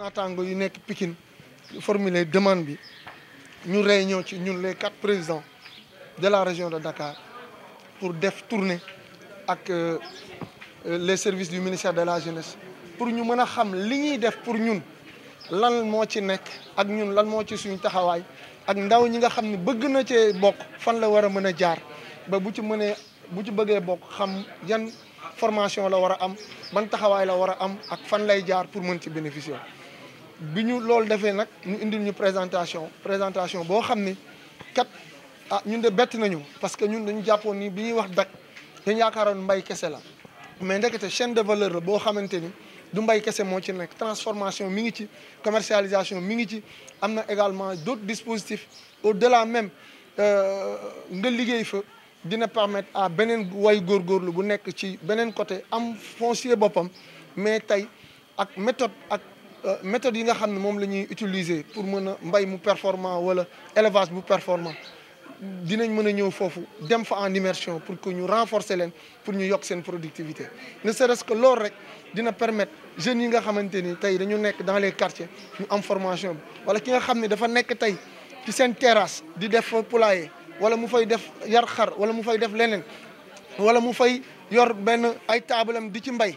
naataango yu nek Pikine formuler demande bi ñu réunion ci ñun les quatre présidents de la région de Dakar pour def tournée ak euh, euh, les services du ministère de la jeunesse pour ñu mëna xam li ñi def pour ñun lan mo ci nek ak ñun lan mo ci suñu taxaway ak ndaw ñi nga xam ne bëgg na ci bok fan la wara mëna jaar ba bu ci mëne bu ci bëggee bokk xam yan formation la war a am ban taxawaay la war a am ak fan lay jaar pour mën ci bénéficier bi ñu loolu defee nag ñu indil ñu présentation présentation boo xam ni kat ah ñun de bett nañu parce que ñun dañu jàppoon ni bi ñuy wax dak dañ yaakaaroon mbay kese la mais ndekete chaîne de valeur la boo xamante ni du mbay kese moo ci nekk transformation mi ngi ci commercialisation mi ngi ci am na également d'autres dispositifs au-delà même euh, nga liggéey fa dina permettre à beneen way góorgóorlu bu nekk ci beneen côté am foncier boppam mais tey ak méthode ak euh, méthode yi nga xam mom lañuy utiliser pour mëna mbay mu performant wala élevage bu performant dinañ mëna ñëw fofu dem fa en immersion pour que ñu renforcer leen pour ñu yok seen productivité ne serait-ce que loolu rek dina permettre jeune yi nga xamanteni tay dañu nekk dans les quartiers ñu am formation wala ki nga xam dafa nekk tay ci seen terrasse di def poulailler wala mu fay def yar xar wala mu fay def lenen wala mu fay yor ben ay taabalam di ci mbay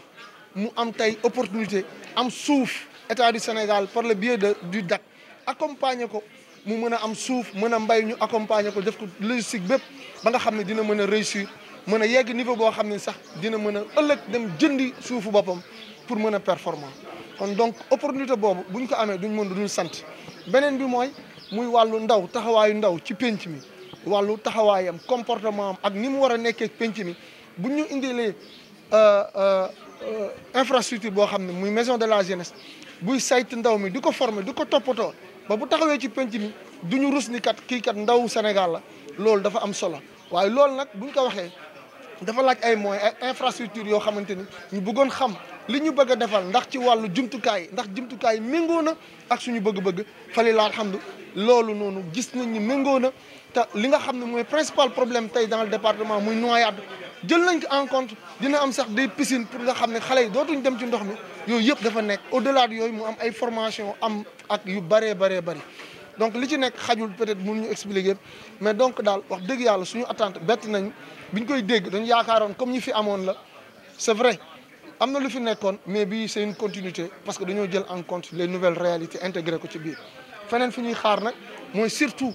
mu am tay opportunité am suuf état du Sénégal par le biais de du DAC accompagner ko mu mën a am suuf mën a mbay ñu accompagner ko def ko logistique bépp ba nga xam ne dina mën a réussir mën a yegg niveau boo xam ne sax dina mën a ëllëg dem jëndi suufu boppam pour mën a performant kon donc opportunité boobu bu ñu ko amee duñ mën duñu sant beneen bi mooy muy wàllu ndaw taxawaayu ndaw ci penc mi wàllu taxawaayam comportement ak ni mu war a nekkee penc mi bu ñu indilee euh, euh, euh, infrastructure boo xam ne muy maison de la jeunesse buy saytu ndaw mi di ko former di ko toppatoo ba bu taxawee ci penc mi du ñu rus ni kat kii kat ndaw Sénégal la loolu dafa am solo waaye loolu nag buñ ko waxee dafa laaj ay moyens ay infrastructure yoo xamante ni ñu bëggoon xam li ñu bëgg a defal ndax ci wàllu jumtukaay ndax jumtukaay méngoo na ak suñu bëgg-bëgg fali la alhamdu loolu noonu gis nañ ni méngoo na te li nga xam ne mooy principal problème tey dans le muy muy noyade jël nañ ko en compte dina am sax des piscines pour nga xam ne xale yi dootuñ dem ci ndox mi yooyu yëpp dafa nekk au delà de yooyu mu am ay formation am ak yu bëree bëree bari donc li ci nekk xajul peut-être mënuñu expliquer mais donc daal wax dëgg yàlla suñu attente bett nañ biñ koy dégg dañu yaakaaroon comme ñi fi amoon la c'est vrai am na lu fi nekkoon mais bii c'est une continuité parce que dañoo jël en compte les nouvelles réalités intégrer ko ci biir feneen fu ñuy xaar nag mooy surtout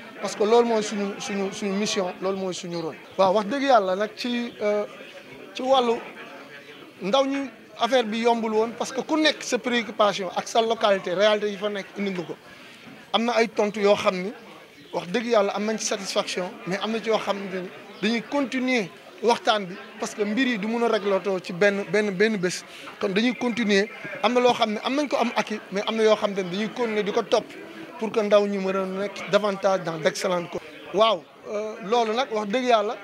parce que lool moy suñu suñu suñu mission lool moy suñu rôle. waaw wax dëgg yàlla nag ci euh, ci walu ndaw ñi affaire bi yombul woon parce que ku nekk sa préoccupation ak sa localité réalité yi fa nekk indi nga ko amna ay tontu yo xamni ni wax dëgg yàlla am nañ ci satisfaction mais amna na ci yoo xam dañuy continuer waxtaan bi parce que mbir yi du mun a réglatoo ci benn benn benn bés kon dañuy continuer am na loo xam ne am nañ ko am aki mais am na yoo xam ne dañuy continuer di ko topp pour que ndaw ñi mën a davantage dans d'excellentes conditions. waaw euh, loolu nak wax deug yalla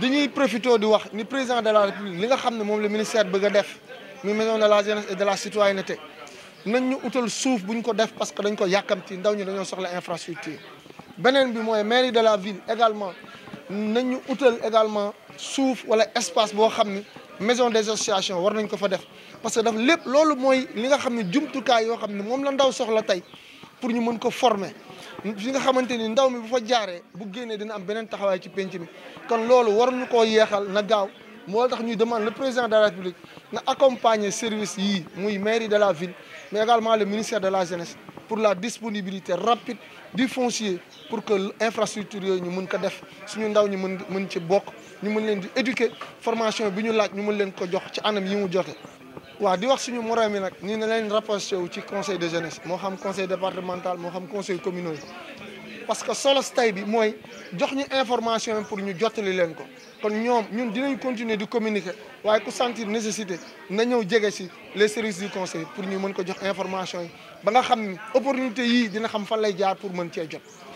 diñuy profito di wax ni président de la république li nga xamne mom le ministère bëgg def muy maison de la jeunesse et de la citoyenneté nañ ñu utal suuf buñ ko def parce que dañ ko yakamti ndaw ñi dañu soxla infrastructure. benen bi moy mairie de la ville également nañ ñu utal également suuf wala espace bo xam maison des associations war nañ ko fa def parce que daf lepp lolu moy li nga xam jumtu jumtukaay yo xam mom la ndaw soxla tay pour ñu mën ko former Je nga xamante ni ndaw mi bu fa jare. bu génnee dina am beneen taxawaay ci Quand mi kon loolu waruñu koo yeexal na gaaw ñuy le président de la république na accompagner service yii muy mairie de la ville mais également le ministère de la jeunesse pour la disponibilité rapide du foncier pour que l'infrastructure nous ñu mën ko def suñu ndaw ñu mën mën ci bokk ñu formation bi ñu laaj ñu nous di wax suñu moroom conseil de jeunesse du conseil départemental du conseil communautaire. parce que solo tay bi mooy jox information pour nous donner. les ko nous, ñoom ñun continuer de communiquer mais ku sentir nécessité na ñëw les services du conseil pour nous donner des informations. information Nous ba nga xam opportunité donner dina xam pour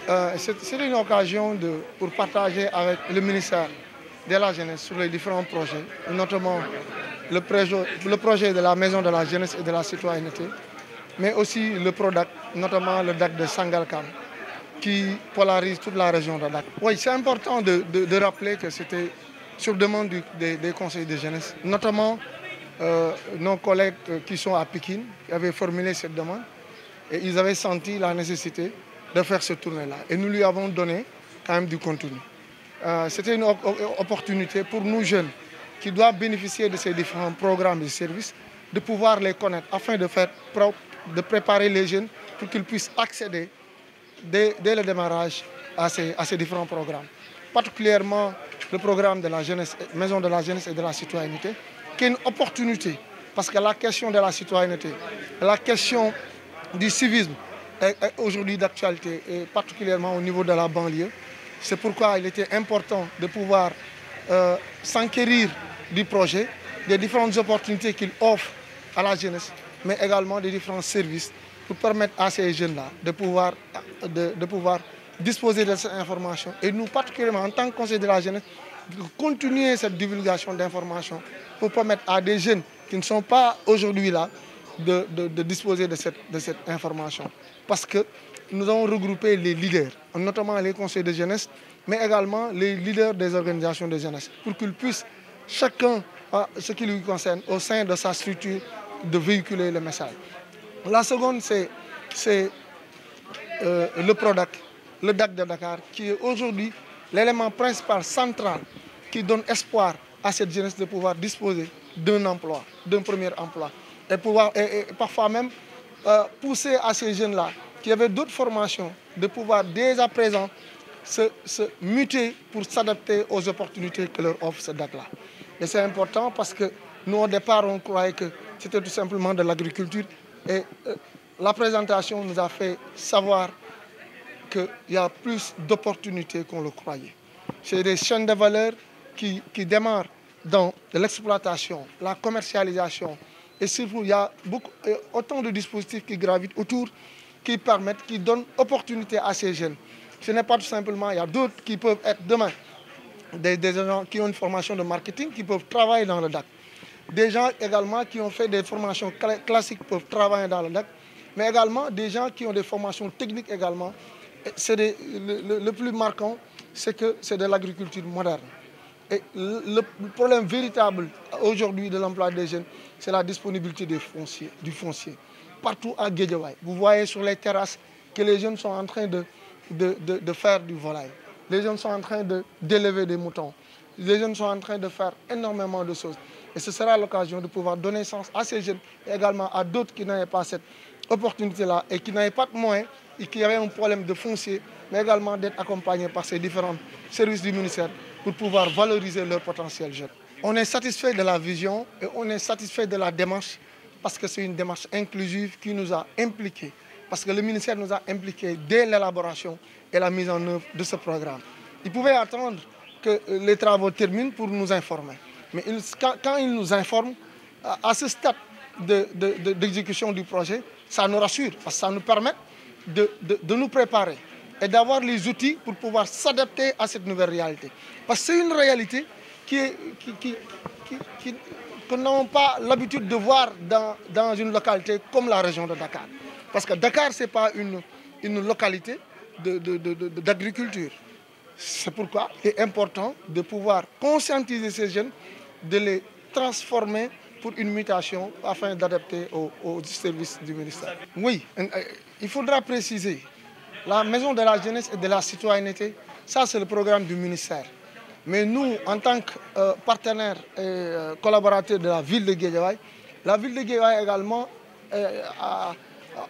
euh, c'est une occasion de pour partager avec le ministère de la jeunesse sur les différents projets notamment le, le projet de la Maison de la Jeunesse et de la Citoyenneté, mais aussi le PRODAC, notamment le DAC de Sangalkam, qui polarise toute la région de DAC. Oui, c'est important de, rappeler que c'était sur demande des, conseils de jeunesse, notamment euh, nos collègues euh, qui sont à Pékin, qui avaient formulé cette demande, et ils avaient senti la nécessité de faire ce tournée-là. Et nous lui avons donné quand même du contenu. Euh, c'était une opportunité pour nous jeunes qui doivent bénéficier de ces différents programmes et services, de pouvoir les connaître afin de, préparer les jeunes pour qu'ils puissent accéder dès, le démarrage à ces, à ces différents programmes. Particulièrement le programme de la jeunesse, Maison de la jeunesse et de la citoyenneté, qui est une opportunité parce que la question de la citoyenneté, la question du civisme est, aujourd'hui d'actualité, et particulièrement au niveau de la banlieue. C'est pourquoi il était important de pouvoir euh, s'enquérir du projet, des différentes opportunités qu'il offre à la jeunesse, mais également des différents services pour permettre à ces jeunes-là de pouvoir, de, pouvoir disposer de ces informations. Et nous, particulièrement en tant que conseil de la jeunesse, de continuer cette divulgation d'informations pour permettre à des jeunes qui ne sont pas aujourd'hui là de, de, de, disposer de cette, de cette information. Parce que nous avons regroupé les leaders, notamment les conseils de jeunesse, mais également les leaders des organisations de jeunesse, pour qu'ils puissent, chacun, à ce qui lui concerne, au sein de sa structure, de véhiculer le message. La seconde, c'est euh, le PRODAC, le DAC de Dakar, qui est aujourd'hui l'élément principal, central, qui donne espoir à cette jeunesse de pouvoir disposer d'un emploi, d'un premier emploi, et, pouvoir, et, parfois même euh, pousser à ces jeunes-là, qui avaient d'autres formations, de pouvoir dès à présent se, muter pour s'adapter aux opportunités que leur offre cette date-là. Et c'est important parce que nous, au départ, on croyait que c'était tout simplement de l'agriculture. Et euh, la présentation nous a fait savoir qu'il y a plus d'opportunités qu'on le croyait. C'est des chaînes de valeur qui, qui démarrent dans l'exploitation, la commercialisation. Et surtout, il y a beaucoup, euh, autant de dispositifs qui gravitent autour, qui permettent, qui donnent opportunité à ces jeunes. Ce n'est pas tout simplement, il y a d'autres qui peuvent être demain, des, gens qui ont une formation de marketing, qui peuvent travailler dans le DAC. Des gens également qui ont fait des formations classiques peuvent travailler dans le DAC, mais également des gens qui ont des formations techniques également. le, plus marquant, c'est que c'est de l'agriculture moderne. Et le problème véritable aujourd'hui de l'emploi des jeunes, c'est la disponibilité des fonciers, du foncier. Partout à Guédiawaye, vous voyez sur les terrasses que les jeunes sont en train de, de, faire du volaille. Les jeunes sont en train d'élever des moutons. Les jeunes sont en train de faire énormément de choses. Et ce sera l'occasion de pouvoir donner sens à ces jeunes et également à d'autres qui n'avaient pas cette opportunité-là et qui n'avaient pas de moyens et qui avaient un problème de foncier, mais également d'être accompagnés par ces différents services du ministère pour pouvoir valoriser leur potentiel jeune. On est satisfait de la vision et on est satisfait de la démarche parce que c'est une démarche inclusive qui nous a impliqués parce que le ministère nous a impliqués dès l'élaboration et la mise en œuvre de ce programme. Ils pouvaient attendre que euh, les travaux terminent pour nous informer. Mais quand, ils nous informent, à ce stade d'exécution du projet, ça nous rassure, parce que ça nous permet de, nous préparer et d'avoir les outils pour pouvoir s'adapter à cette nouvelle réalité. Parce que c'est une réalité qui nous qui, pas l'habitude de voir dans une localité comme la région de Dakar. Parce que Dakar, ce n'est pas une, une localité d'agriculture. De, de, C'est pourquoi il est important de pouvoir conscientiser ces jeunes, de les transformer pour une mutation afin d'adapter au, au, service du ministère. Oui, euh, il faudra préciser, la maison de la jeunesse et de la citoyenneté, ça c'est le programme du ministère. Mais nous, en tant que euh, partenaires et euh, collaborateurs de la ville de Guédiawaye, la ville de Guédiawaye également a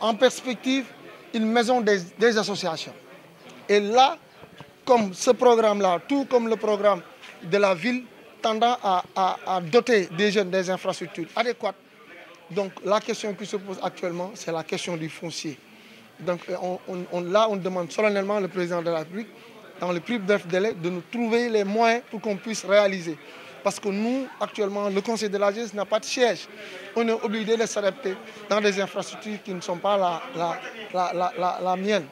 en perspective une maison des, associations. Et là, comme ce programme-là, tout comme le programme de la ville, tendant à, doter des jeunes des infrastructures adéquates. Donc la question qui se pose actuellement, c'est la question du foncier. Donc là, on demande solennellement le président de la République, dans le plus bref délai, de nous trouver les moyens pour qu'on puisse réaliser. Parce que nous, actuellement, le Conseil de la jeunesse n'a pas de siège. On est obligé de s'adapter dans des infrastructures qui ne sont pas la, la, mienne.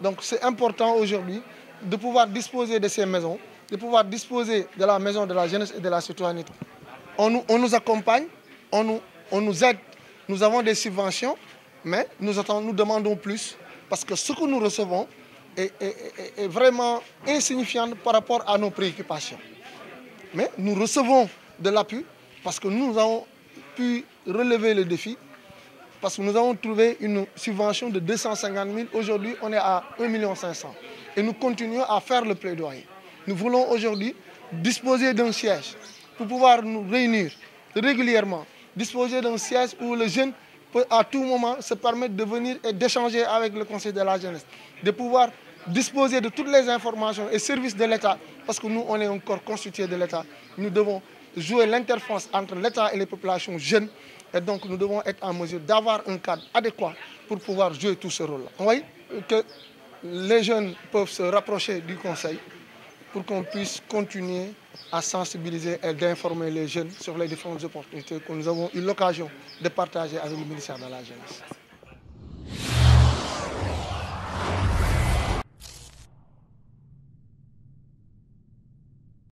Donc c'est important aujourd'hui de pouvoir disposer de ces maisons, de pouvoir disposer de la maison de la jeunesse et de la citoyenneté. On nous, on nous accompagne, on nous, on nous aide. Nous avons des subventions, mais nous, nous demandons plus parce que ce que nous recevons est, est vraiment insignifiant par rapport à nos préoccupations. Mais nous recevons de l'appui parce que nous avons pu relever le défi, parce que nous avons trouvé une subvention de 250 000. Aujourd'hui, on est à 1 500 000. Et nous continuons à faire le plaidoyer. Nous voulons aujourd'hui disposer d'un siège pour pouvoir nous réunir régulièrement, disposer d'un siège où le jeune peut à tout moment se permettre de venir et d'échanger avec le Conseil de la jeunesse, de pouvoir disposer de toutes les informations et services de l'État, parce que nous, on est encore corps constitué de l'État. Nous devons jouer l'interface entre l'État et les populations jeunes. Et donc, nous devons être en mesure d'avoir un cadre adéquat pour pouvoir jouer tout ce rôle-là. Vous que les jeunes peuvent se rapprocher du Conseil pour qu'on puisse continuer à sensibiliser et d'informer les jeunes sur les différentes opportunités que nous avons eu l'occasion de partager avec le ministère de la Jeunesse.